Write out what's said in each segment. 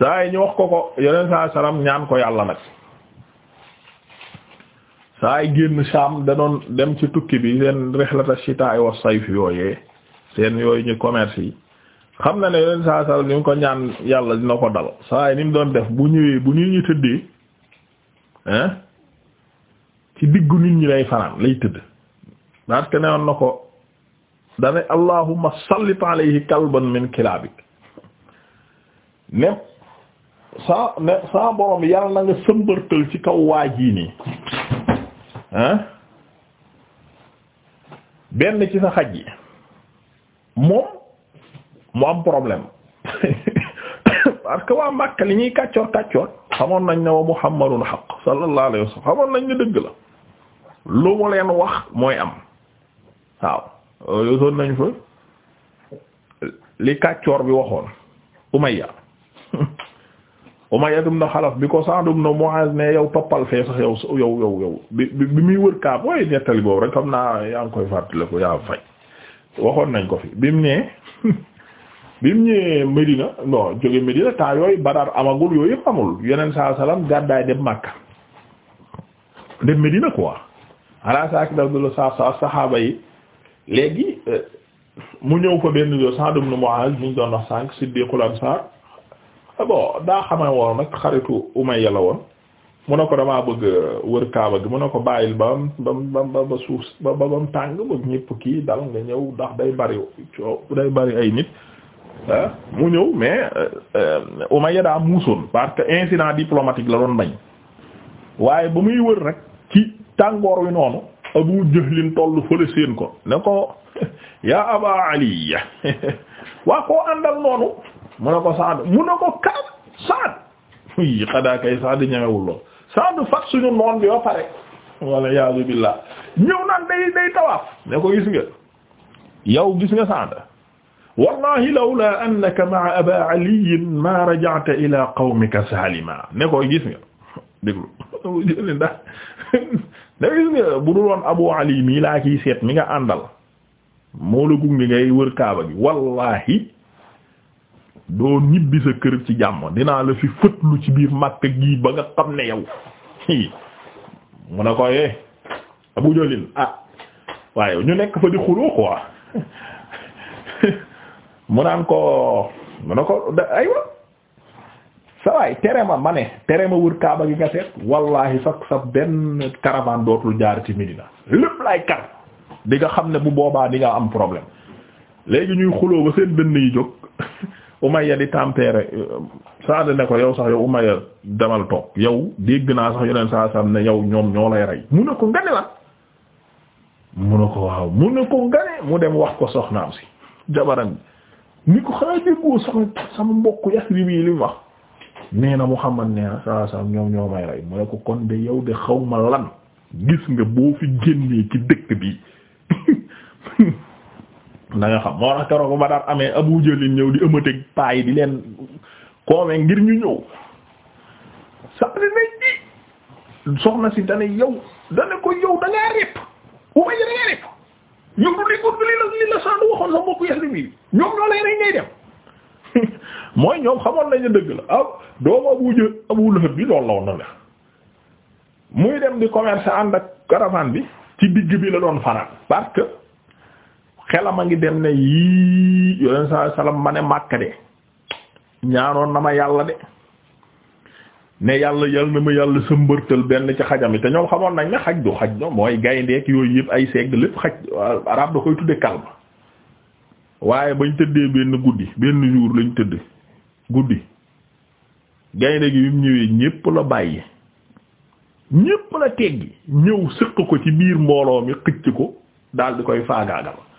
saa yi ñu wax ko ko yeneen saa salaam ñaan ko yàlla nag saa yi génn Saam da doon dem ci tukki bi seen rihlata shitaa'i wa sayf yooyee seen yooyu ñu commerce yi xam na ne yeneen saa salaam ni ko ñaan yàlla dina ko dal saa yi ni mu doon def bu ñëwee bu nit ñi tëddee hein ci diggu nit ñi lay fanaan lay tëdd parce que newoon na ko dana allahumma sallit alayhi kalban min kilaabik ne sa ne sa borom yàlla na nga sëmbërtal ci kaw waa jii nii ah benn ci sa xaj yi moom mu am problème parce que waa Makka li ñuy kàccoor kàccoor xamoon nañ ne wa Muhammadun xaq sallallahu alayhi wasallam xamoon nañ ne dëgg la lu mu leen wax mooy am waaw nañ fa li kàccoor bi waxoon Umayya Umayya ibn Xalaf bi ko Sa'd ibn Mu'az ne yow toppal fee sax yow yow yow yow bi bi muy wër kaab mooy nettali boobu rek xam naa yaa ngi koy fàttale ko yaa fay waxoon nañ ko fi bi mu nee bi mu ñëwee Medina non jóge Medina temps yooyu Badar amagul yooyu yëpp amul yeneen saa salaam gàddaay dem Makka dem Medina quoi ala saaki daf du la saa saxaaba yi léegi euh, mu ñëw fa benn yoo Sa'd ibn Mu'az ñu doon wax sànq Siddiqul Ansar Ah bon daa xamee woon nag xaritu Umayya la woon mun ne ko damaa bëgg euh, wër Kaaba gi mun ne ko bàyyil ba ba ba ba suuf ba ba mu tàng ba ñëpp kii dal nga ñëw ndax day bari coow day bari ay nit ah mu ñëw mais euh, Umayya daa muusoon parce que incident diplomatique la doon bañ waaye ba muy wër rek ci tàngoor wi noonu Abu Jahlin tollu fële seen ko ne ko yaa Aba Ali waa koo àndal noonu. mu ne ko Saad mu ne ko Saad i xadaa Saad ñëwewul lool bi ba wala yaasu billah ñëw day day tawaaf ne ko gis nga yow Saad wallahi lawla annaka ma'a aba ali ma raja'ta ila qawmika salima ne ko gis nga déglu jëli ndax ne gis bu dul Abu Ali mii laa mi nga àndal moo la gunge ngay wër gi wallahi doo ñibbi sa kër ci jàmm dinaa la fi lu ci biir Makka gi ba nga xam ne yow mu ne ko eh Abu ah waaye ñu nekk fa di xuloo quoi mu naan ko mu ne ko aywa sa waay tere ma ma ne tere ma wër Kaaba gi nga seet wallahi sax sa benn caravane dootul jaar ci Medina lépp laay kar di nga xam ne bu boobaa di nga am problème léegi ñuy xuloo ba seen benn yi jóg. Umayya di tempéré Saad ne ko yow sax yow Umayya demal toog yow dégg naa sax yeneen saa sam ne yow ñoom ñoo lay rey mu ne ko ngane la mu ne ko waaw mu ne ko mu dem wax ko soxnaam si jabaram ni ko xanaa déggoo sama sama mbokk Yasrib yi li mu nee na mu nee na saa sam ñoom ñoo rey mu ne ko kon de yow de xaw ma lan gis nga boo fi génnee ci dëkk bi na nga xam moo tax keroog ba daan amee Abu Jahl ñëw di ëmmateeg paay di leen koomee ngir ñu ñëw sax di nañ soxna si dane yow dane ko yow da ngaa répp uma ji ngay dem mooy ñoom xamoon nañu dëgg la ah doomu Abu Abu Lahab bi loolu la woon na la muy dem di commerce ànd ak caravane bi ci digg bi la doon fanaan parce xelam a ngi dem ne yii yoneen saa salaam ma ne Makka de ñaanoon na ma yàlla de ne yàlla yàlla na ma yàlla sa mbërtal benn ci xajam yi te ñoom xamoon nañ ne xaj du xaj no mooy gayndeek yooyu yëpp ay segg lépp xaj arab da koy tudde kalma waaye bañ tëddee benn guddi benn jour lañ tëdd guddi gaynde gi bi ñëwee ñépp la bàyyi ñépp la teggi ñëw sëq ko ci biir mbooloo mi xëcc ko daal di koy faagaagal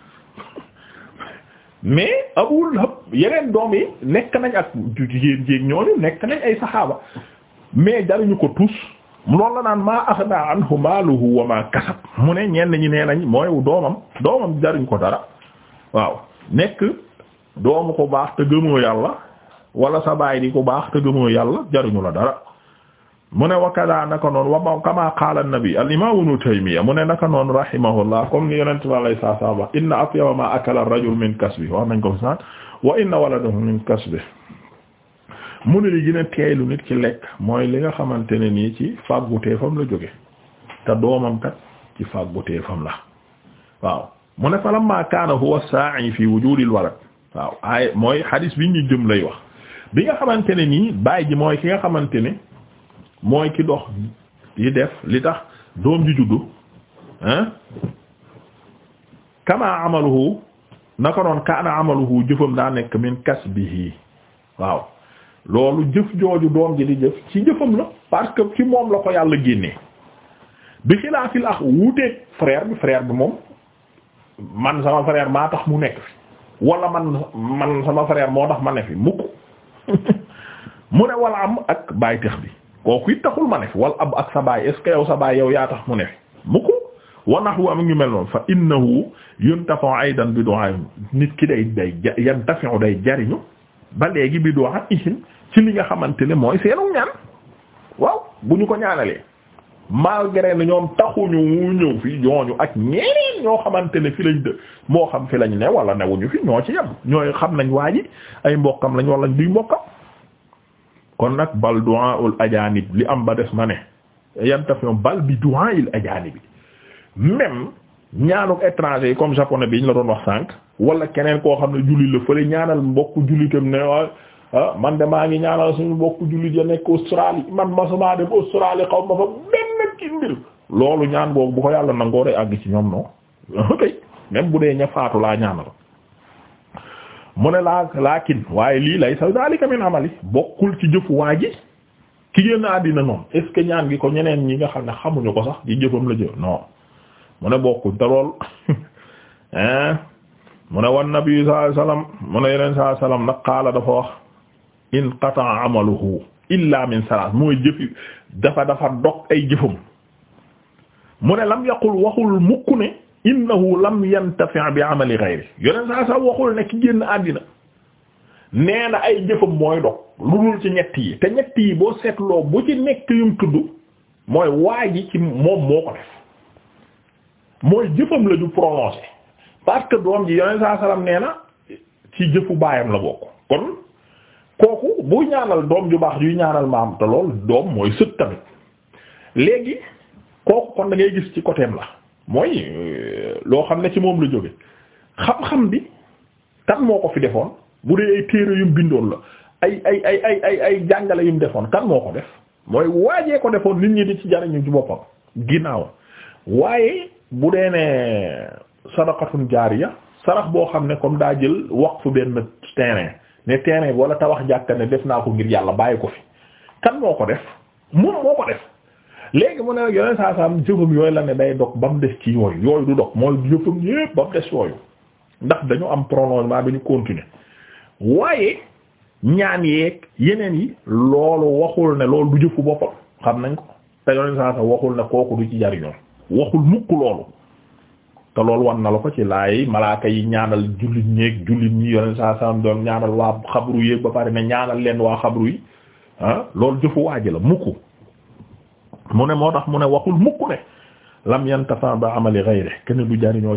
mais Abu Lahab yeneen doom yi nekk nañ ak jigéen jéeg ñooñu nekk nañ ay saxaaba mais jariñu ko tous loolu la naan maa axna anhu maaluhu wa maa kasab mu ne ñenn ñi nee nañ mooy doomam doomam jariñ ko dara waaw nekk doomu ko baax te gëmoo yàlla wala sa baay di ko baax te gëmoo yàlla jariñu la dara mu ne wa kada naka noonu wa kama qaala an-nabi al-imam ibn Taymiyya mu ne naka noonu rahimahullah comme ni yonente bi alayhi salaatu salaam wax inna atyaba ma akala ar-rajulu min kasbihi wax nañ ko saan wa inna waladahu min kasbihi mu ne li gën a teeylu nit ki lekk mooy li nga xamante ne nii ci fàgguteefam la jóge te doomam kat ci fàgguteefam la waaw mu ne falamma kaana huwa as-saa'i fi wujuudil walad waaw ay mooy hadis bi ñu jëm lay wax bi nga xamante ne nii baay ji mooy ki nga xamante ne mooy ki dox yi def li tax doom ji juddu ah kama amaluhu naka noon kaana amaluhu jëfam daa nekk min kasbihi waaw loolu jëf jooju doom ji di jëf ci jëfam la parce que ci moom la ko yàlla génnee bi xilaafil ax wuuteeg frère bi frère bi moom man sama frère maa tax mu nekk fi wala man man sama frère moo tax ma ne fi mukk mu ne wala am ak bàyyi tax bi kooku it taxul ma ne fi wal ab ak sa baay est ce que yow sa baay yow yaa tax mu ne fi mu ko wanax wu am ñu mel noonu fa innahu yuntafa aydan bi du'a nit ki day day yantafi day jariñu ba léegi bi du'a ihim ci li nga xamante ne mooy seenu ñaan waaw bu ñu ko ñaanalee malgré ne ñoom taxuñu mu ñëw fi ñooñu ak ñeneen ñoo xamante ne fi lañ dë moo xam fi lañ ne wala newuñu fi ñoo ci yem ñooy xam nañ waa ji ay mbokkam lañ wala duy mbokkam kon nag bal du'aul ajanib li am ba des ma ne yantafion bal bi du'ail ajanib même ñaanu étranger yi comme japonais bi ñu la doon wax sànq wala keneen koo xam ne jullit la fële ñaanal mbokku jullitam ne ah man de maa ngi ñaanal suñu mbokku jullit ya nekk Australie man masuma dem Australie xaw ma fa benn ci mbir loolu ñaan boobu bu ko yàlla nangoo day àgg ci ñoom non ok même bu dee ña faatu laa ñaanal. mu ne laa laakin waaye lii lay sa daalika min amali bokkul ci jëfu waa ji ki génn àddina noonu est ce que ñaan gi ko ñeneen ñi nga xam ne xamuñu ko sax gi jëfam la jëf non mu ne bokkuñ te lool mu ne wan nabi sallallahu alayhi wasallam mu ne yeneen sallallahu alayhi wasallam nag qaala dafa wax in qata'a amaluhu illa min salaas mooy jëfi dafa dafa dog ay jëfam mu ne lam yaqul waxul mukk ne innahu lam yantafi' bi amali ghayri yoneen saa saa waxul ne ki génn àddina nee na ay jëfam mooy dog lu dul ci ñett yi te ñett yi boo seetloo bu ci nekk yum tudd mooy waa ji ci moom moo ko def mooy jëfam la du prononcé parce que doom ji yoneen saa salaam nee na ci jëfu baayam la bokk kon kooku bu ñaanal doom ju baax juy ñaanal maam te lool doom mooy sët tamit léegi kooku kon da gis ci côtéem la mooy euh, loo xam ne ci moom la jóge xam-xam bi kan moo ko fi defoon bu dee ay téere yum bindoon la ay ay ay ay ay ay jàngale yum defoon kan moo ko def mooy waajee ko defoon nit ñi di ci jariñu ci boppam ginnaaw waaye bu dee ne sadaqatun jaariya sarax boo xam ne comme daa jël waqfu benn terrain ne terrain wala tabax jàkka ne def naa ko ngir yàlla bàyyi ko fi kan moo ko def moom moo ko def léegi mu ne nag yoneen saa saam jëfam yooyu la ne day dog ba mu des ci yooyu yooyu du dog mooy jëfam yépp ba mu des yooyu ndax dañu am prolongement bi ñu continuer waaye ñaan yeeg yeneen yi loolu waxul ne loolu du jëfu boppam xam nañ ko te yoneen saa saam waxul ne kooku du ci jariñoo waxul mukk loolu te loolu wan na la ko ci laay malaaka yi ñaanal jullit ñeeg jullit ñi yoneen saa saam doon ñaanal waa xabru yéeg ba pare ne ñaanal leen waa xabru yi ah, loolu jëfu waaji la mukk mu ne moo tax mu ne waxul mukk ne lam yantafa ba amali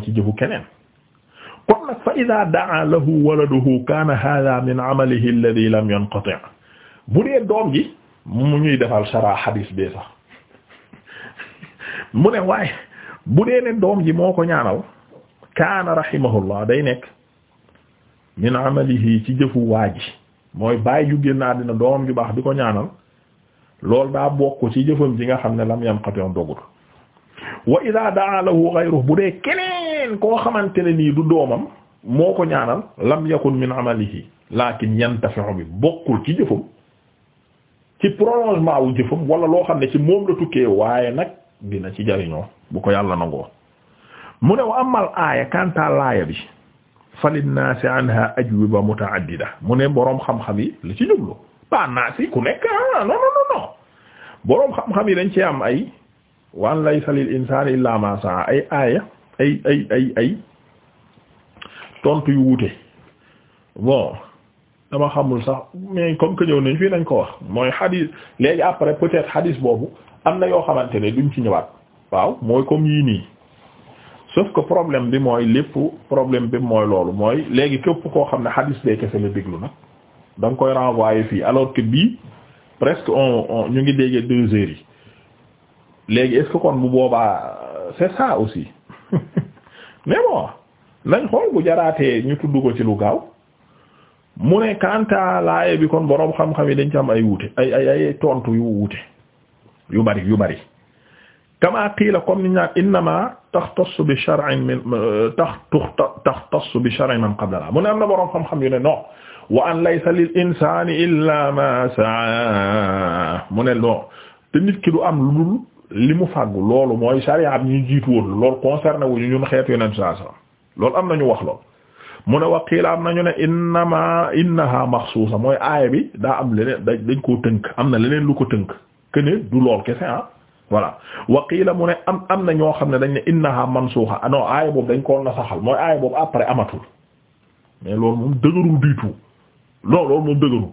ci jëfu keneen kon nag fa ida daa lahu waladuhu kaana hada min amalihi alladhi ñuy defal shara hadis bee sax mu ne waaye bu dee ne doom ji moo ko ñaanal kaana rahimahullah day nekk min amalihi ci jëfu waa mooy bàyyi ju génn àddina doom ju baax di ko ñaanal loolu daa bokk ci jëfam ji nga xam ne lam yanqati'u dogut wa idha da'a lahu bu dee keneen koo xamante ne nii du doomam moo ko ñaanal lam yakun min amalihi lakin yantafi'u bi bokkul ci jëfam wala loo xam ne ci moom la waaye nag dina ci jariñoo bu ko yàlla nangoo mu ne wa amal aaya kanta laaya bi fa linnaasi anha ajwiba muta'addida mu ne boroom xam-xam yi li ci jublu ba naasi ku nekk ah non non boroom xam-xam yi dañ ci am ay waan laysa lil insaani illaa ma saa ay aaya ay ay ay ay tontu yu wuute bon dama xamul sax mais comme que ñëw nañ fii nañ ko wax mooy xadis léegi après peut-être xadis boobu am na yoo xamante ne duñ ci ñëwaat waaw mooy comme yii nii sauf ko problème bi mooy lépp problème bi mooy loolu mooy léegi képp koo xam ne xadis bee kese la déglu nag da nga koy renvoyer fii alors que bii presque on on ñu ngi déggee deux heures yi léegi est-ce que kon bu boobaa c'est ça aussi mais bon nañ xool bu jaraatee ñu tudd ko ci lu gaaw mu ne kanta laaye bi kon boroom xam-xam yi dañ ci am ay wuute ay ay tontu yu wuute yu bari yu bari kama qiila comme ni ñaan innama taxtassu bi shar'in min tax tax taxtassu bi shar'in man qabla mu ne am na boroom xam-xam yu ne non wa an laysa lil insani illa ma saa mu ne non te nit ki du am lu dul li mu fàggu loolu mooy sharia am ñu jiitu woon loolu concerné wu ñu ñun xeetu yeneen saa saa loolu am na ñu wax lool. mu ne waqiila am nañu ne innama innaha maxsuusa mooy aaya bi daa am leneen dañ koo tënk am na leneen lu ko tënk que ne du lool kese ah voilà waqiila mu am am na ñoo xam ne dañ ne innaha mansuuxa ah non aaya boobu dañ koo nasaxal mooy aaya boobu après amatul mais loolu moom dëgërul du loolu moom dëgganu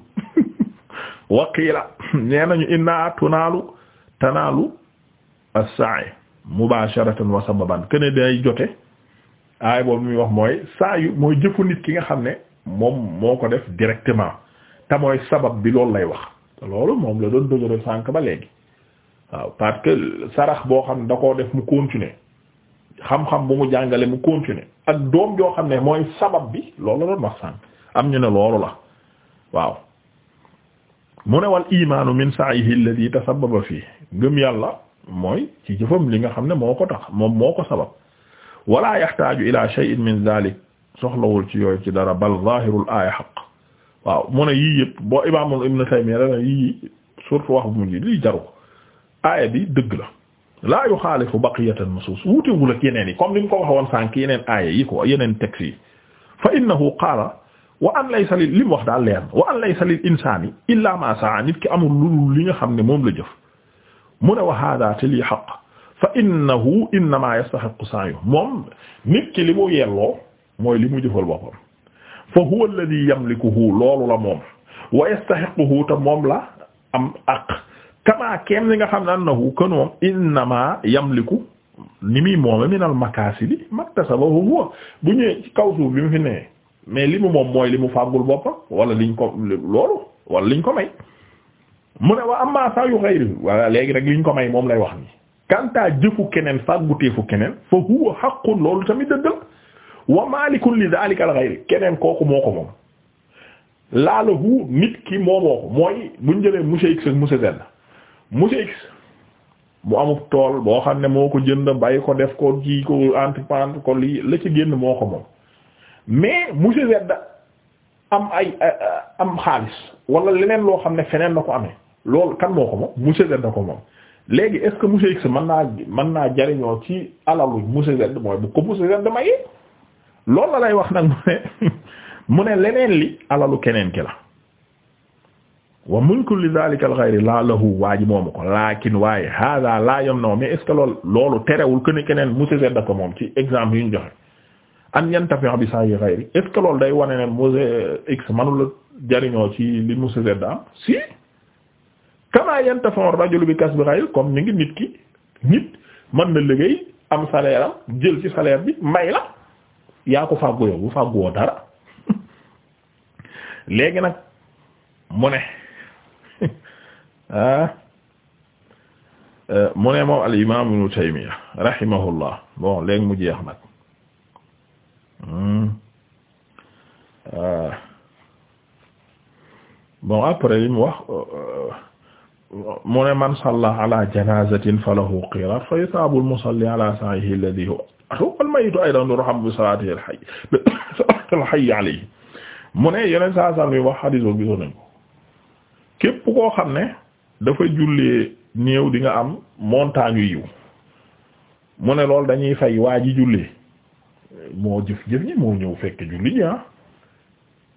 waqiila nee nañu inna tunaalu tanaalu as-sa'i mubasharatan wa sababan kene day jote aay boobu muy wax mooy saayu mooy jëfu nit ki nga xam ne moom moo ko def directement te mooy sabab bi loolu lay wax loolu moom la doon dëgëral sànk ba léegi waaw parce que sarax boo xam ne da koo def mu continuer xam-xam bu mu jàngale mu continuer ak doom joo xam ne mooy sabab bi loolu la doon wax sànk am ñu ne loolu la waaw mu ne wal imaanu min sa'ihi alladhi tasabbaba fii ngëm yàlla mooy ci jëfam li nga xam ne moo ko tax moom moo ko sabab wala yaxtaaju ila shay'in min dhalik soxlawul ci yooyu ci dara bal zaahirul aaya xaq waaw mu ne yii yëpp boo imaamul ibn Taymiyya dana yii surtout wax bu mujj lii jaru ko aaya bi dëgg la laa yuxaalifu baqiyatan nusuus wuutewul ak yeneen yi comme ni mu ko waxoon sànq yeneen aaya yi ko yeneen textes yi fa innahu qaala wa an laysa lil li mu wax daal leer wa an laysa lil insaani illa ma saa nit ki amul lu li nga xam ne moom la jëf mu ne wa hada te lii xaq fa innahu innama yastaxiqu sa'yu moom nit ki li mu yelloo mooy li mu jëfal boppam fa huwa alladhi yamlikuhu loolu la moom wa yastaxiquhu te moom la am aq kama keem li nga xam ne annahu kon moom innama yamliku ni muy moome min al makaasibi maktasabahu huwa bu ñëwee ci kaw bi mu fi nee mais li mu moom mooy li mu fàggul boppam wala liñ ko loolu wala liñ ko may mu ne wa amma sa yu xayri wala léegi rek liñ ko may moom lay wax ni kantaa jëfu keneen fàgguteefu keneen fa huwa haqqun loolu tamit dëggal wa malikun li dhalika al keneen kooku moo ko moom laala hu nit ki moomoo ko mooy buñ jëlee monsieur X ak monsieur Z monsieur X mu amub tool boo xam ne moo ko jënd bàyyi ko def ko kii ko entreprendre ko lii la ci génn moo ko moom mais monsieur Z am ay euh, am xaalis wala leneen loo xam ne feneen la ko amee lool kan moo ko moom monsieur Z ko moom léegi est-ce que monsieur X mën naa mën naa jariñoo ci alalu monsieur Z mooy bu ko monsieur Z mayee loolu la lay wax nag mu ne leneen li alalu keneen ki la wa mulku li dhalika al ghayri laa lahu waa ji moomu ko laakin waaye hada laa yom naw mais est-ce que loolu loolu terewul que ne keneen monsieur Z da ko moom ci exemple yu ñu joxe an yantafi'a bi sa'yi ghayri est-ce loolu day wane ne monsieur X manula jariñoo ci li monsieur Z am si kama yantafi'u ar-rajulu bi kasbi ghayri comme ni ngi nit ki nit mën na liggéey am salaire jël ci salaire bi may la yaa ko fàggu yow bu fàgguwoo dara léegi nag mu ne ah eh, mu ne moom al imam Ibn Taymiyya rahimahullah bon léegi mu jeex nag Hmm. Euh. bon après mu wax euh, mu ne man salla ala janazatin falahu qirat fa yusabu al musalli ala sa'ihi alladhi huwa wal mayitu aydan yurhamu bi salatihi al hayy mu ne yeneen saa saa wax xadiis boobu gisoon nañ ko képp koo xam ne dafa jullee néew di nga am montagne yu yiw mu ne loolu dañuy fay waa ji jullee moo jëf jëf ñi moo ñëw fekk julli ñi ah.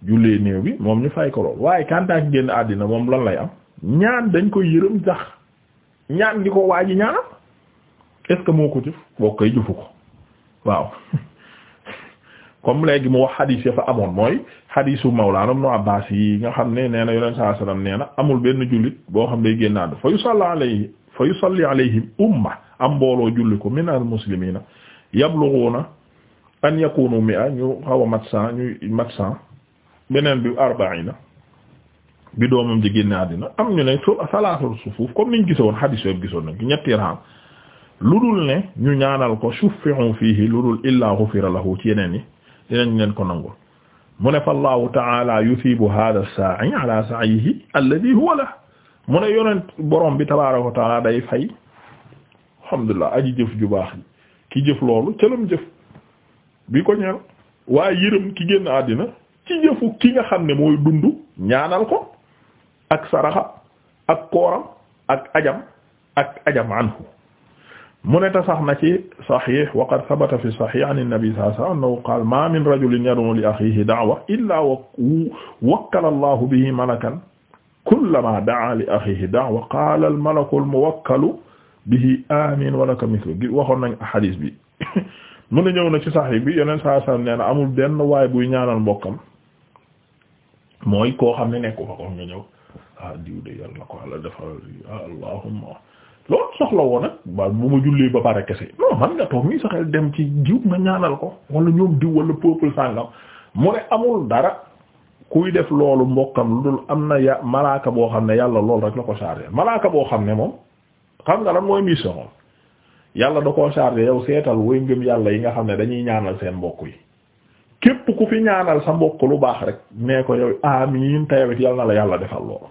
jullee néew bi moom ñu fay ko lool waaye kantaak génn àddina moom lan lay am ñaan dañ ko yërëm sax ñaan gi ko waaji ñaanam est-ce que moo ko jëf boo koy jëfu ko waaw comme léegi mu wax xadiis ya fa amoon mooy xadiisu Mawlaana Ibnu Abbaas yi nga xam ne nee na Yonent sallallahu alayhi wasallam nee amul benn jullit boo xam day génn àddina fa yusalli alayhi fa yusalli alayhim umma am mbooloo julli ko minal muslimiina yablughuna an yakunu mi'a ñu xaw a mat cent ñuy mat cent beneen bi arba'ina bi doomam ji génne àddina am ñu ne salaasul sufuuf comme niñ gisoon xadiis yooyu gisoon nañ ñetti raam lu dul ne ñu ñaanal ko shuffi'u fiihi lu dul illaa ghufira lahu ci yeneen yi dinañ leen ko nangul mu ne fa allahu ta'ala yusibu hadha as-sa'i ala sa'ihi alladhi huwa la mu ne yonent borom bi tabaaraka wa ta'ala day fay alhamdulillah aji jëf ju baax ki jëf loolu ca lu mu jëf bi ko ñeel waaye yërëm ki génn àddina ci jëfu ki nga xam ne mooy dund ñaanal ko ak saraxa ak kooram ak ajam ak ajam anhu mu ne ta sax na ci sahih wa qad thabata fi sahih an an-nabi sallallahu ma min rajulin yad'u li akhihi da'wa illa wakkala allahu bihi malakan kullama da'a li akhihi da'wa qaala al malaku al muwakkalu bihi amin wa laka waxoon nañ hadith mu ne ñëw na ci saxi bi yeneen saa saa nee na amul benn waay buy ñaanal mbokkam mooy koo xam ne nekku fa kon nga ñëw ah diw de yàlla ko yàlla defal ah allahumma loolu soxla woon nag ba bu ma jullee ba pare kese non dem ci diw ñaanal ko wala ñoom wala peuple sàngam mu ne amul dara kuy def loolu mbokkam lu dul am na ya malaaka boo xam ne yàlla loolu rek la ko chargé malaaka boo xam ne moom xam nga lan mooy mission yàlla da koo chargé yow seetal woy ngëm yàlla yi nga xam ne dañuy ñaanal seen mbokk yi képp ku fi ñaanal sa mbokk lu baax rek nee ko yow amiin te yawit yal na la yàlla defal lool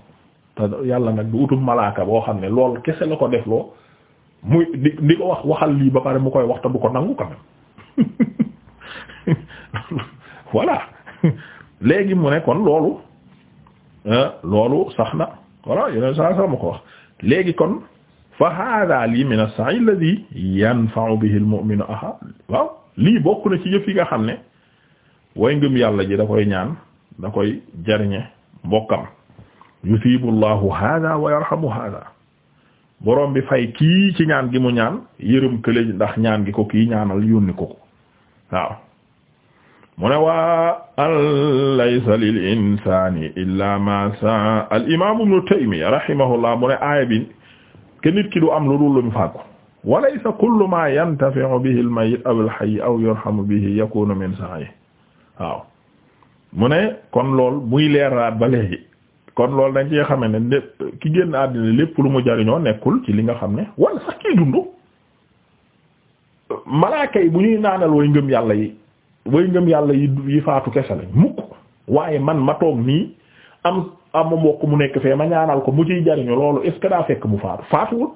te yàlla nag du utum malaaka boo xam ne lool kese la ko def loo muy di di ko wax waxal lii ba pare mu koy wax te du ko nangu quand même léegi mu ne kon loolu loolu sax na voilà yeneen saa saa ma ko wax léegi kon fa hada lii min as-sa'i alladhi yanfa'u bihi al-mu'minu aha waaw lii bokk na ci yëf yi nga xam ne way ngëm yàlla ji da koy ñaan da koy jariñe mbokkam yusibu llahu hada wa yarhamu hada borom bi fay kii ci ñaan gi mu ñaan yërëm kële ndax ñaan gi ko kii ñaanal yónni ko ko waaw mu ne waa an laysa lil insani illa ma saa al imam ibn taymiyyah ke nit ki du am lu dul lu mu fàggu wa laysa kullu ma yantafi'u bihi al-mayyit aw al-hayy aw yurhamu bihi yakunu min sa'i waaw mu ne kon lool muy leeraat ba léegi kon loolu dañ ci xame ne lépp ki génn àddina lépp lu mu jariñoo nekkul ci li nga xam ne wala sax kiy dund malaaka yi bu ñuy naanal way ngëm yàlla yi way ngëm yàlla yi faatu kese lañ mukk waaye man ma toog nii am am ma mu nekk fee ma ñaanal ko mu ciy jariñu loolu est-ce que daa fekk mu faatu faatuwul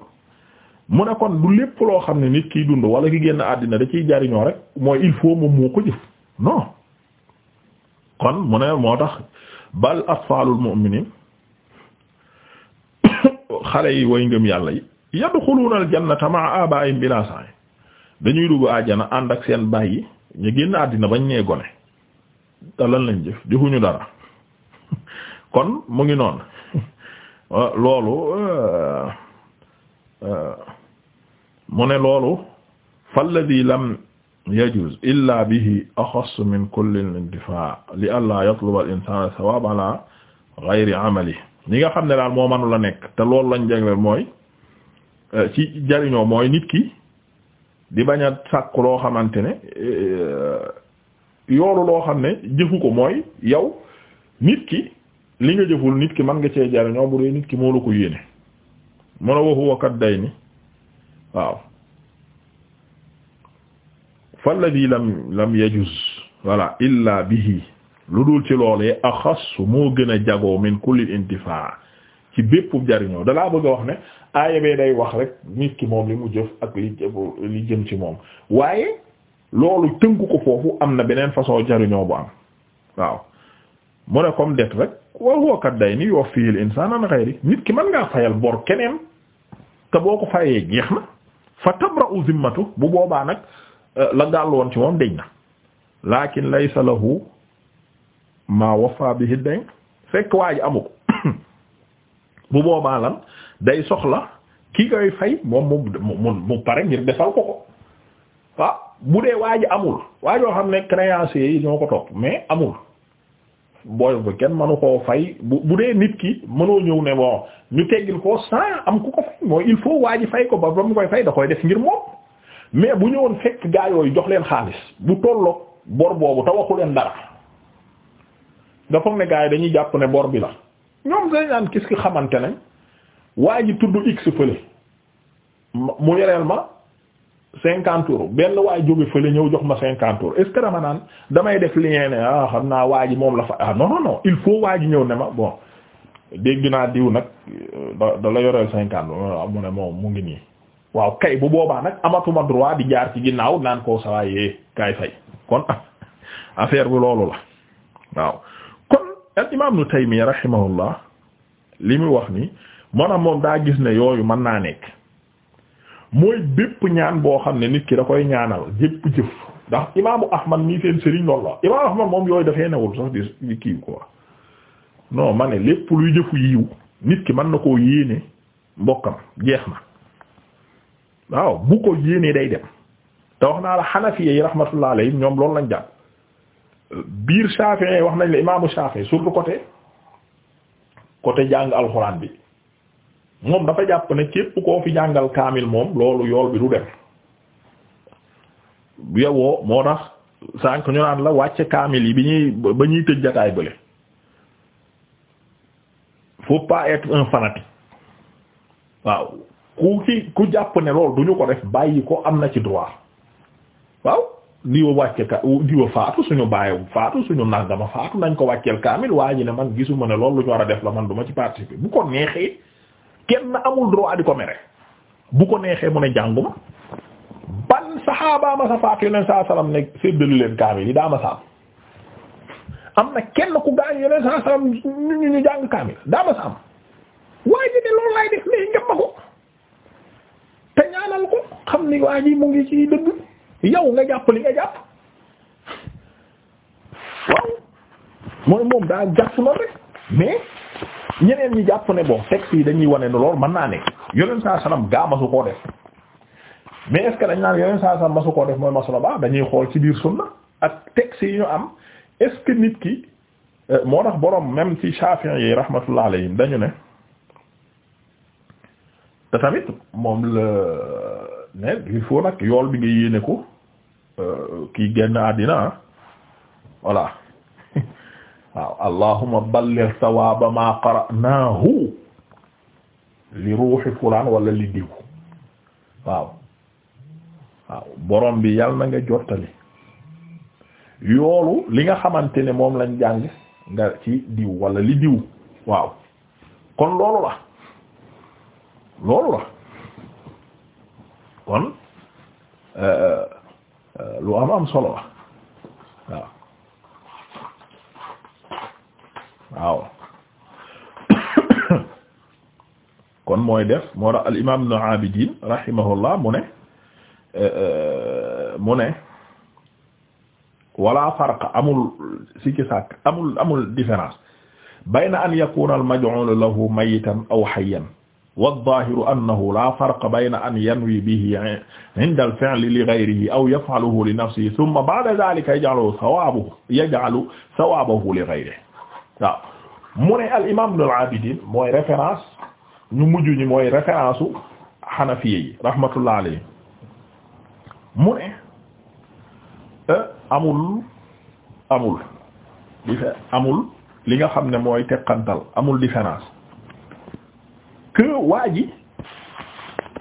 mu ne kon du lépp loo xam ne nit kiy dund wala ki génn àddina da ciy jariñoo rek mooy il faut moom moo ko jëf non kon mu ne moo tax bal atfaalul mu'minin xale yi way ngëm yàlla yi yadxuluuna aljannata ma'a abaa'ihim bilaa sa'i dañuy dugg àjjana ànd ak seen baay yi ñu génn àddina bañ nee gone te lan lañ jëf jëfuñu dara kon mu ngi noon euh, loolu euh, euh, mu ne loolu falladi lam yajuz illa bihi axass min kulli al-intifa li alla yatluba al-insan sawab ala ghayri amali li nga xam ne daal moo mënula nekk te loolu lañ jagleel mooy ci jariñoo mooy nit ki di bañ a loo xamante ne yoolu loo xam ne jëfu ko mooy yow nit ki li nga jëful nit ki man nga cee jariñoo bu dee nit ki moo la ko yéene mën a waxu wakat day ni waaw falladi lam lam yajuz wala illa bihi lu dul ci loolee axassu moo gën a jagoo min kulli intifaa ci bépp jariñoo dalaa bëgg a wax ne aayabee day wax rek nit ki moom li mu jëf ak li jëm ci moom waaye loolu tënku ko foofu am na beneen façon jariñoo bu am waaw mu ne comme det rek wa huwa kad dayni yuwaffihi al insaan an nit ki man ngaa fayal bor keneen te boo ko fayee jeex na fa tabra'u zimmatu bu boobaa nag eh, la gàll woon ci moom deñ na lakin laysa lahu maa wafa bihi dayn fekk waa ji amu ko bu boobaa lan day soxla ki koy fay moom mu mu mu pare ngir defal ko ko bu dee waa ji amul waa joo xam ne créanciers yi ñoo ko topp mais amul booy ko kenn mënu koo fay bu bu dee nit ki mënoo ñëw ne bon ñu teggil ko sans am ku ko fay mooy il faut waa ji fay ko ba ba mu koy fay da koy def ngir moom mais bu ñëwoon fekk gaa yooyu jox leen xaalis bu tolloog boor boobu te waxu leen dara nga foog ne gaa yi dañuy jàpp ne boor bi la ñoom dañ naan kis ki xamante ne waa ji tudd x fële mu yoreel ma cinquante euros benn waay jóge fële ñëw jox ma cinquante euros est naan damay def lien ne ah xam naa waa ji moom la fa ah il faut waa ji ñëw ne ma bon dégg naa diw nag da da la yoreel cinquante ah, mu ne moom mu ngi nii. waaw kay bu boobaa nag amatuma droit di jaar ci ginnaaw naan koo saa yee kaay fay kon affaire bi loolu la waaw kon al imaam Ibnu Taymiyya rahimahullah li mu wax ni moo tax moom daa gis ne yooyu mën naa nekk. mooy bépp ñaan boo xam ne nit ki da koy ñaanal jépp jëf ndax imaamu ahmad mii seen sëriñ loolu la imaamu ahmad moom yooyu dafay newul sax di kii ko non ma ne lépp luy jëfu yiw nit ki man na koo yéene mbokkam jeex na waaw bu ko yéenee day dem te wax naa la xanafiya yi rahmatullah yi ñoom loolu lañ jàpp biir Shafi'i wax nañ la imaamu Shafi'i surtout côté côté jàng alxuraan bi moom dafa jàpp ne képp koo fi jàngal kaamil moom loolu yool bi du dem yowoo moo tax sànq ñu naan la wàcce kaamil yi bi ñuy ba ñuy tëj jataay bële faut pas être un fanatique waaw ku ci ku jàpp ne loolu du ñu ko def bàyyi ko am na ci droit waaw diwa wàcce ka diwa faatu suñu bàyyi faatu suñu nangama faatu nañ ko wàcceel kaamil waa ji ne man gisuma ne lool lu ñu war a def la man du ma ci participer bu ko neexee kenn amul droit di ko mere bu ko neexee mu ne jànguma ban saxaaba ma sa faat yoneen saa salaam ne séddale leen kaamil yi daa ma sa am am na kenn ku gaañ yoneen saa salaam ñu ñu jàng kaamil daa ma sa am waaye ji ne loolu laay def nii ngem ko te ñaanal ko xam ni waa ji mu ngi ci dëgg yow nga jàpp li nga jàpp waaw mooy moom daa jàpp mais ñeneen ñi jàpp ne bon texte yi dañuy wane ne loolu mën naa ne yoneen saa salaam gaa masu koo def mais est ce que dañ naan yoneen saa salaam masu koo def mooy masula baax dañuy xool ci biir sunna ak texte yi ñu am est nit ki euh, moo tax borom même ci Shafi'i yi rahmatullah alayhim dañu ne te tamit moom la ne il faut nag yool bi nga yéene ko euh, ki génn àddina ah voilà. waaw allahumma balligh sawaaba maa qara'naahu li ruuxi fulaan wala li diw waaw waaw borom bi yal na nga jottali yoolu li nga xamante ne moom lañ jàng nga ci diw wala li diw waaw kon loolu la loolu la kon euh, euh, lu am am solo la waaw waaw kon mooy def moo tax al imaam Ibn Abidin rahimahullah mu ne eh, eh, mu ne wala farqa amul sikki sàkk amul amul différence bayna an yakuna al maj'ul lahu mayitan aw hayyan والظاهر أنه لا فرق بين أن ينوي به عند الفعل لغيره أو يفعله لنفسه ثم بعد ذلك يجعل ثوابه يجعل ثوابه لغيره waaw mu ne al imam Ibnul Abidin mooy référence ñu mujj ñi mooy référence u xanafiye yi rahmatullah alayhi mu ne euh, amul amul dif amul li nga xam ne mooy teqantal amul différence que waa ji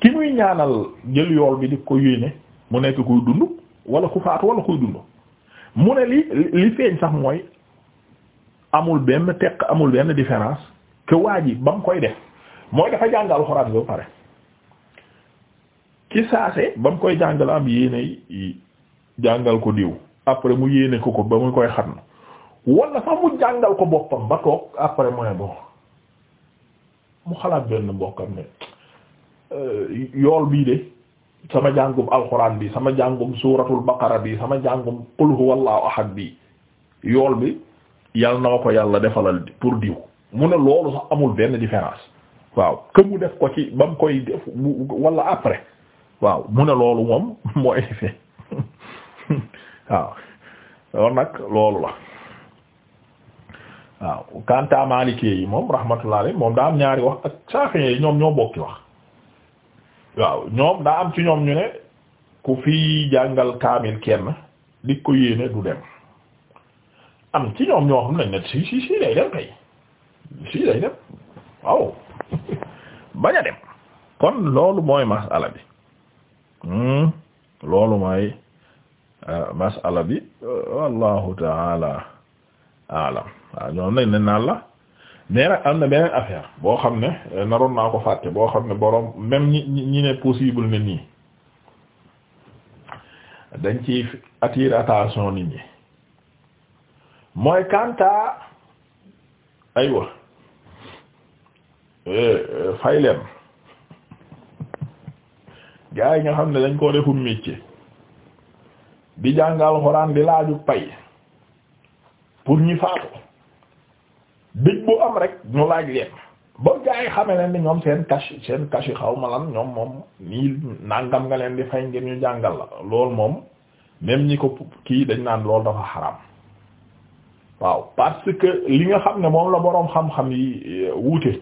ki muy ñaanal jël yool bi di ko yéene mu nekk kuy dund wala ku faatu wala kuy dund mu ne li li feeñ sax mooy amul benn teq amul benn différence que waa ji ba mu koy def mooy dafa jàngal alxuraan ba pare ci saase ba mu koy jàngal am yéene jàngal ko diw après mu yéene ko ko ba mu koy xam wala sax mu jàngal ko boppam ba toog après mooy bon mu xalaat benn mbokkam ne euh, yool bii de sama jàngum alxuraan bi sama jàngum suuratul baqara bi sama jàngum qul huwallahu ahad bi yool bi yal na ko yàlla defalal pour diw mu ne loolu sax amul benn différence waaw que mu def ko ci ba mu koy walla après waaw mu ne loolu moom mooy effet waaw loolu nag loolu la waaw kanta yi moom rahmatullah moom daa am ñaari wax ak Shafi'i yi ñoom ñoo bokki wax waaw ñoom daa am ci ñoom ñu ne ku fi jàngal kaamil kenn di ko yéene du dem am ci ñoom ñoo xam nañ ne si si si day dem kay si day dem waaw bañ dem kon loolu mooy masala bi hmm. loolu mooy euh, masala bi euh, wallahu taala alam waaw ñoom nañ ne naan la mais nag am na beneen affaire boo xam ne euh, naroon naa ko fàtte boo xam ne boroom même ñi ñi ne possible ne nii dañ ci attirer attention nit ñi mooy kanta aywa eh, eh, fay leen gaa yi nga xam ne dañ koo defum métier di jàngal xoraan di laaju pay pour ñi faatu dëj bu am rek ñu laaj leen ba gaa yi xame leen ni ñoom seen cash seen cash xaw ma lan ñoom moom nii nangam nga leen di fay ngir ñu jàngal la lool moom même ñi ko kii dañ naan lool dafa xaram waaw parce que li nga xam ne moom la boroom xam-xam yi eh, wuute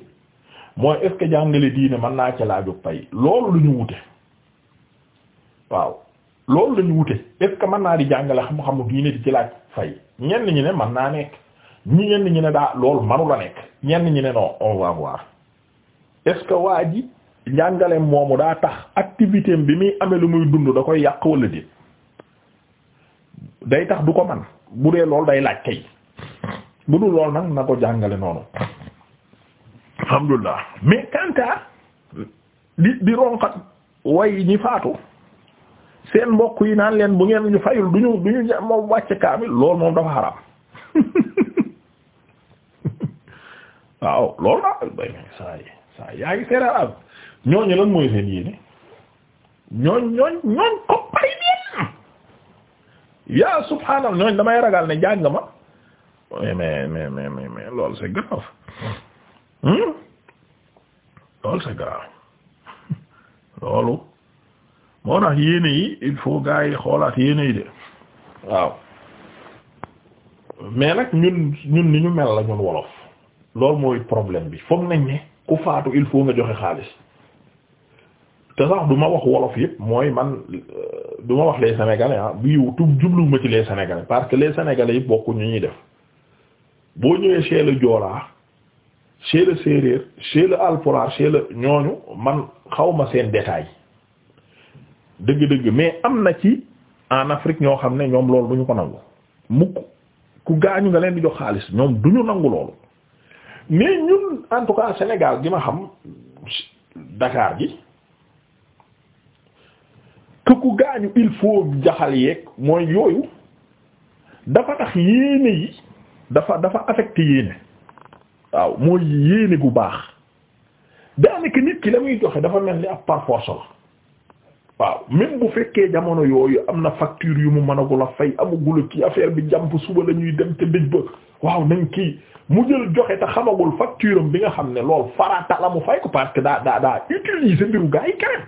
mooy est-ce que jàngale diine man naa ca laajug pay loolu lu ñu wute waaw loolu la ñu wute est-ce naa di jàngale xam-xamu diine di ci laaj fay ñenn ñi ne man naa nekk ñi ñenn ñi ne daa loolu manu nekk ñenn ñi ne non on va voir est-ce que waa ji njàngale moomu daa tax activité bi muy amee lu muy dund da koy yàq wala déet day tax du ko man bu dee loolu day laaj kay bu dul lool nag na ko jàngale noonu alhamdulilah mais kanta di di ronkat way ñi faatu seen mbokk yi naan leen bu ngeen ñu fayul duñu duñu moom wàcc kaamil loolu moom dafa xaram waaw loolu daal bay saa yi saa yi yaa ngi seera am ñooñu lan mooy seen yéene ñooñ ñooñ ko pay bien yaa subhaanallah ñooñ damay ragal ne jàng ma Eh, mais mais mais mais mais loolu c'est hmm? moo tax yéene yi il faut gars yi xoolaat yéene yi de waaw mais nag ñun ñun ni ñu mel la ñun wolof loolu mooy problème bi foog nañ ni ku faatu il faut nga joxe xaalis te sax du ma wax wolof yëpp mooy man euh, du ma wax les sénégalais ah bii tub jubluwuma ci les sénégalais parce que les sénégalais yëpp bokku ñu ñuy def boo ñëwee chez le joolaa chez le séeréer chez le alpulaar chez le ñooñu man mais am na ci en Afrique ñoo xam ne ñoom loolu du ko nangu ku gaañu nga leen di jox xaalis ñoom du ñu nangu loolu mais ñun ma xam dakaar gi que ku gaañu il faut jaxal yeeg mooy yooyu dafa tax yéene yi dafa dafa affecté yéene waaw mooy yéene bu baax daanaka nit ki la muy joxe dafa mel ni ab par la waaw même bu fekkee jamono yooyu am na facture yu mu mënagul a amagul amagula kii affaire bi jàmp suba la ñuy dem te dëj ba waaw nañ kii mu jël joxe te xamagul facture bi nga xam ne lool farata la mu fay ko parce daa daa daa mbiru gaa yi keneen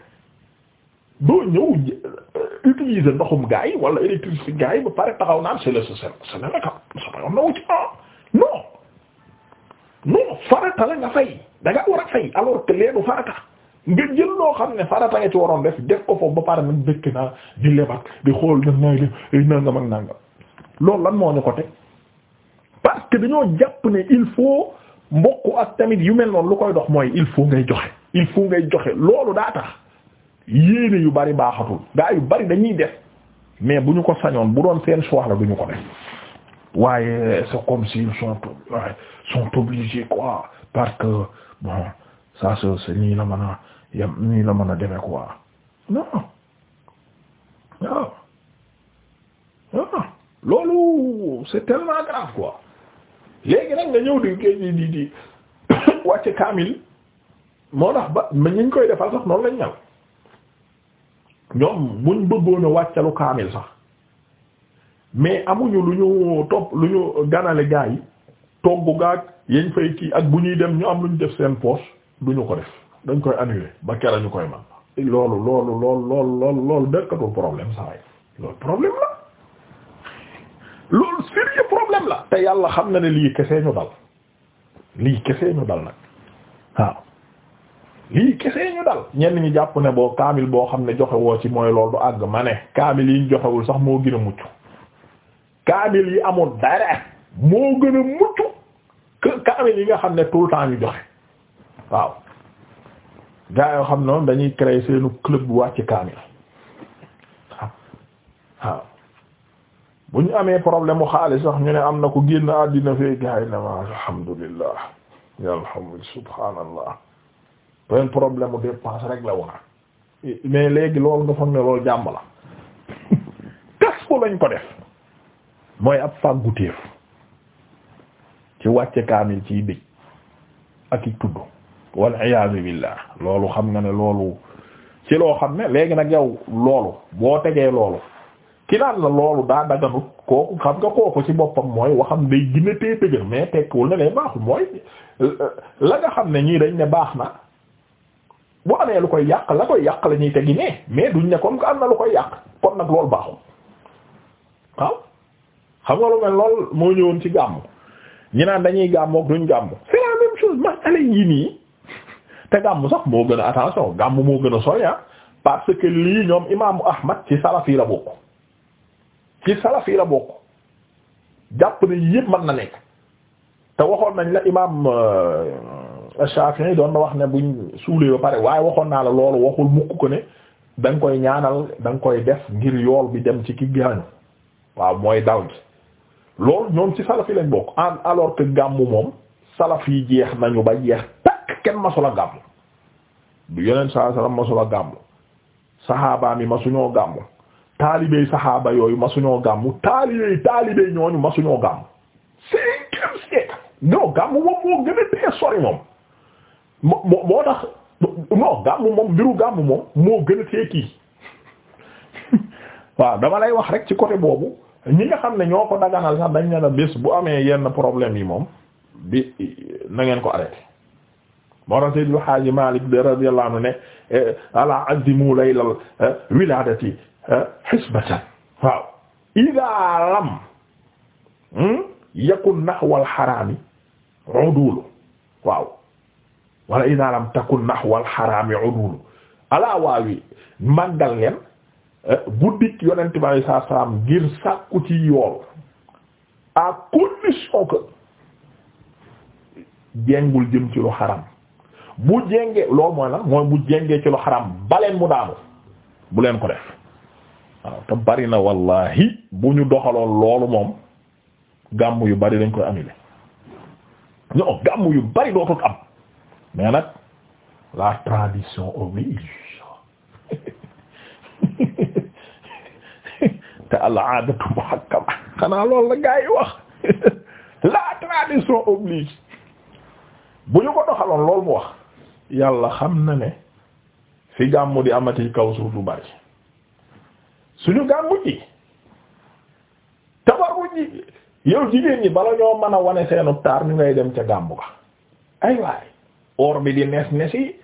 doo ñëw euh, utiliser ndoxum gars yi wala électricité gars ba pare taxaw naan c'est le social Sénégal sama yoon na ci ah non la nga fay da nga war a fay alors que leenu farata nga jël loo xam ne farata nga ci waroon def def ko foofu ba pare nag dëkk naa di lebat di xool nag nay le nangam ak nangam loolu lan moo ñu ko teg parce que dañoo jàpp ne il faut mbokk ak tamit yu mel noonu lu koy dox mooy il faut ngay joxe il faut ngay joxe loolu daa tax. yéene yu bari baaxatul gaa yu bari dañuy def mais bu ñu ko sañoon bu doon seen choix la du ko def waaye c'est comme s'ils sont sont obligés quoi parce que bon nii la mën a yam nii la mën a demee quoi non waaw waaw loolu c'est tellement grave quoi léegi nag nga ñëw di di di wàcce kaamil moo tax ba ñu koy defal sax noonu lañ ñal ñoom buñ bëggoon wàccalu kaamil sax mais amuñu lu ñu topp lu ñu ganale gaa yi togg gaag yañ fay kii ak bu ñuy dem ñu am lu ñu def seen poche duñu ko def dañ koy annuler ba kera ñu koy man loolu loolu loolu loolu loolu loolu dekkatul problème saa yi loolu problème la loolu sérieux problème la te yàlla xam na ne lii kese ñu dal lii kesee ñu dal nag waaw lii kesee ñu dal ñenn ñi jàpp ne boo kaamil boo xam ne joxe ci mooy loolu du àgg ma ne kaamil yi ñu joxewul sax moo gën a mucc kaamil yi amul yi nga xam ne tout le temps ñu joxe waaw gaa yoo xam noonu dañuy créer seenu club bu wàcc kaamil waaw bu ñu amee problème mu xaalis sax ñu ne am na ko génn àddina fee gaa yi ne ma alhamdulillah yàlla alhamdulillah subhaanallah benn problème mu dépense rek la woon mais léegi loolu nga foog ne loolu jàmm la kas ko lañ ko def mooy ab fàggutéef ci wàcce kaamil ciy dëj ak i tudd wal iyaazu billah loolu xam nga ne loolu ci loo xam ne léegi nag yow loolu boo tegee loolu ki naan la loolu daa daganut kooku xam nga kooku ci boppam mooy waxam day gine tee dëgër mais tekkiwul ne lay baaxul mooy euh, euh, la nga xam ne ñii dañ ne baax na boo amee lu koy yàq la koy yàq la ñuy tegi ne mais duñ ne comme que am na lu koy yàq kon nag loolu baaxul waaw xam nga lu mel lool moo ñëwoon ci gàmm ñi naan dañuy gàmm ak duñ gàmm c'est la même chose masala yi nii te gàmm sax moo gën a attention gàmm moo gën a soña ah parce que lii ñoom imaamu Ahmad ci salaf yi la bokk ci salaf yi la bokk jàpp ne yépp mën na nekk te waxoon nañ la imaam. Euh, Shafi'i doon na wax ne bu suulee ba pare waaye waxoon naa la loolu waxul mukk ko ne da koy ñaanal da koy def ngir yool bi dem ci ki gaañu waaw mooy dal gi loolu ñoom ci salaf yi lañ bokk en alors que gàmm moom salaf yi jeex nañu ba jeex takk kenn masula gàmm du yeneen saa sallam masula gàmm saxaabaa mi masuñoo gàmm taalibey saxaaba yooyu masuñoo gàmm taalibey taalibey ñooñu masuñoo gàmm cinquième siècle non gàmm moom moo gën a dee sori moom moo moo tax non gàmmu moom mbiru gàmmu moom moo gën a tee kii waaw dama lay wax rek ci côté boobu ñi nga xam ne ñoo ko daganal sax dañ ne la bés bu amee yenn problème yi moom bi na ko arrêté moo tax Seydou Hadji Malick de radiyallahu anhu ne eh, ala azimu laylal eh, wiladati hisbatan eh, waaw ida lam hmm, yakun nahwal waaw wala ida lam takun nahwal xaraami udulu alaa waawi màggal leen bu eh, dikk yonent bi alei saatu salaam ngir sàkku ci yool à condition que jengul jëm ci lu xaram bu jenge loolu mooy la mooy bu jengee ci lu xaram baleen mu daanu bu leen ko def waaw te bari na wallahi bu ñu doxaloon loolu moom gàmm yu bari dañ koy annulé non gàmm yu bari dootul am mais nag la tradition oblige te al aadatu muhakkama xanaa loolu la gaa wax la tradition oblige bu ñu ko doxaloon loolu mu wax yàlla xam na ne fi gàmmu di amati kaw suuf lu bari suñu gàmmu ji tabaru ji yow jigéen ñi bala ñoo mën a wane seenu taar ñu ngay dem ca gàmmu ga ay waay or bi di nes nesi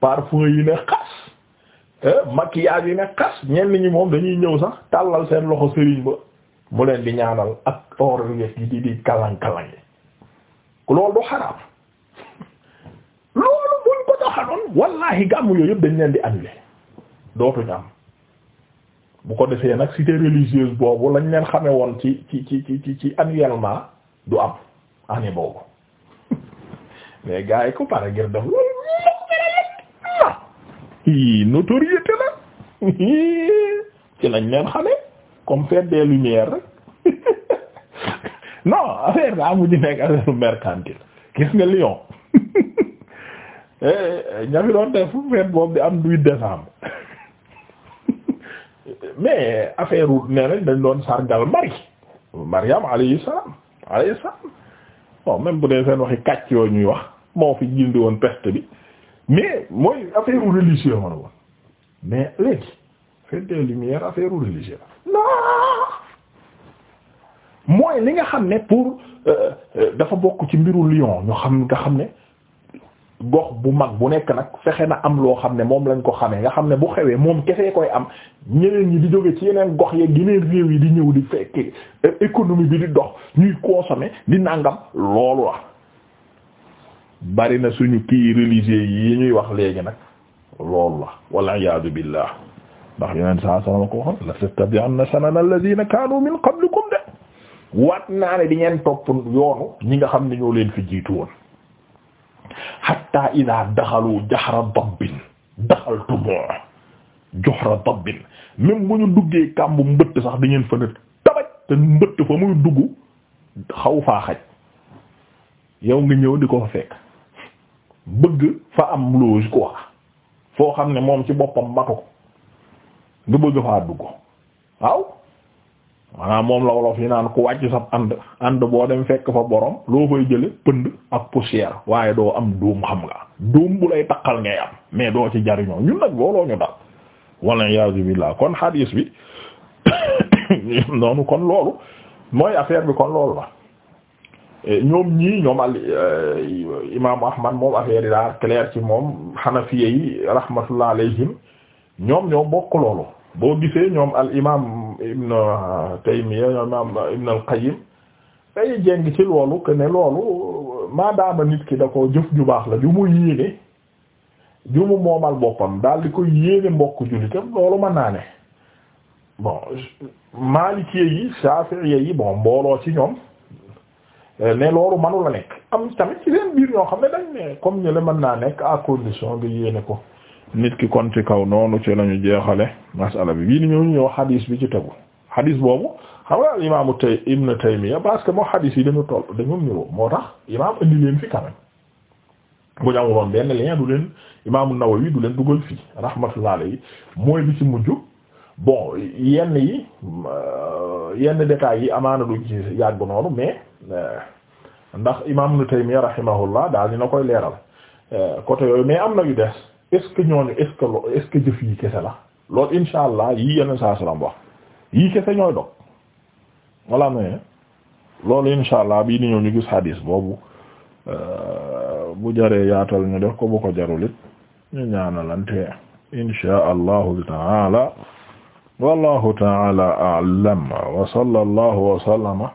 parfum yi ne xas eh, maquillage yi ne xas ñenn ñi moom dañuy ñëw sax tàllal seen loxo sëriñ ba mu leen di ñaanal ak or yi di di kalan-kalan yi loolu du xaraam loolu buñ ko doxaloon wallahi gàmm yooyu yëpp dañ leen di annuler dootuñu am bu ko defee nag cité religieuse boobu lañ leen xamee woon ci ci ci ci ci annuellement du am année boobu mais gars yi ko pare ngir def loolu ah notoriété la ci lañ leen xamee comme fête des lumières rek non affaire daa mujj nekk affaire mercantile gis nga Lyon eh, eh, ña fi doon def fête boobu di am du décembre mais affaire wu nee dañ doon sargal Marie Mariam alayhi salaam bon même bu dee seen waxi kàcc yooyu ñuy wax. moo fi gindi woon bi mais mooy affaire religieuse ma la mais léegi fête des lumières affaire religieuse mooy li nga xam ne pour euh, euh, dafa bokk ci mbiru Lyon ñu xam nga xam ne gox bu mag bu nekk nag fexe na am loo xam ne moom lañ ko xamee nga xam ne bu xewee moom kese koy am ñeneen ñi di jóge ci yeneen gox yeeg yeneen réew yi di ñëw di fekk euh, économie bi di dox ñuy consommer di nangam loolu la bari na suñu kii religieux yi ñuy wax léegi nag loolu la wal iyaadu billah ndax yeneen saa sama ko waxoon la tattabi'unna sanana alladhina kaanu min qablikum de waat naa ne di ngeen topp yoonu ñi nga xam ne ñoo leen fi jiitu woon hatta idha daxalu jahra dabbin daxaltum juhra dabbin même bu ñu duggee kàmbu mbëtt sax di ngeen fa ne tabaj te mbëtt fa muy dugg xaw faa xaj yow nga ñëw di ko fa fekk bëgg fa am loge quoi foo xam ne moom ci boppam matu ko nga bëgg faa dugg waaw maanaam moom la wolof yi naan ku wàcc sab ànd ànd boo dem fekk fa boroom loo fay jële pënd ak poussière waaye doo am duum xam nga doom bu lay taqal ngay am mais doo ci jariñoo ñun nag looloo ñu dal walla iyaazu billaah kon xadiis bi noonu kon loolu mooy affaire bi kon loolu la ñoom ñii ñoom al euh, imaamu Ahmad moom affaire yi daal clair ci moom xanafiya yi rahmatullah alayhim ñoom ñoo bokk loolu boo gisee ñoom al imaam Ibn Taymiyya imaam Ibn al-Qayyim day jéng ci loolu que loolu maadaama nit ki da ko jëf ju baax la ju mu yéene ju mu moomal boppam daal di ko yéene mbokk jullitam loolu mën naa ne bon Maalikiyya yi Shaafi'iyya yi bon mbooloo ci ñoom. Euh, mais loolu mënu la nekk am tamit ci seen biir ñoo xam ne dañ ne comme ñële mën naa nekk à condition bi yéene ko nit ki kon ci kaw noonu ci lañu jeexale masala bi bii ni ñëw ñu ñëw xadiis bi ci tegu xadiis boobu xam nga imaamu tay ibn Taymiya parce que moo xadiis yi dañu toll dañu niroo moo tax imaam indi leen fi quand même bu ñu amuloon benn lien du leen imaamu Nawawi du leen dugal fii rahmatullahi alayhi mooy bi ci mujj bon yenn yi euh, yenn détails yi amaana duñ ci yàgg noonu mais Eh, ndax imaam Ibnu Taymiyya rahimahullah daal dina koy leeral eh, côté yooyu mais am na yu des est-ce que ñooñu est jëf yi kese la loolu insha allah yii yeneen saa salaam yii kese ñooy dog walla mais loolu insha allah bii ni ñëw ñu gis hadis boobu eh, bu jaree yaatal ñu def ko bu ko jarulit ñu ñaanalante insha allahu taala wallahu taala a'lam wa sallallahu wa sallama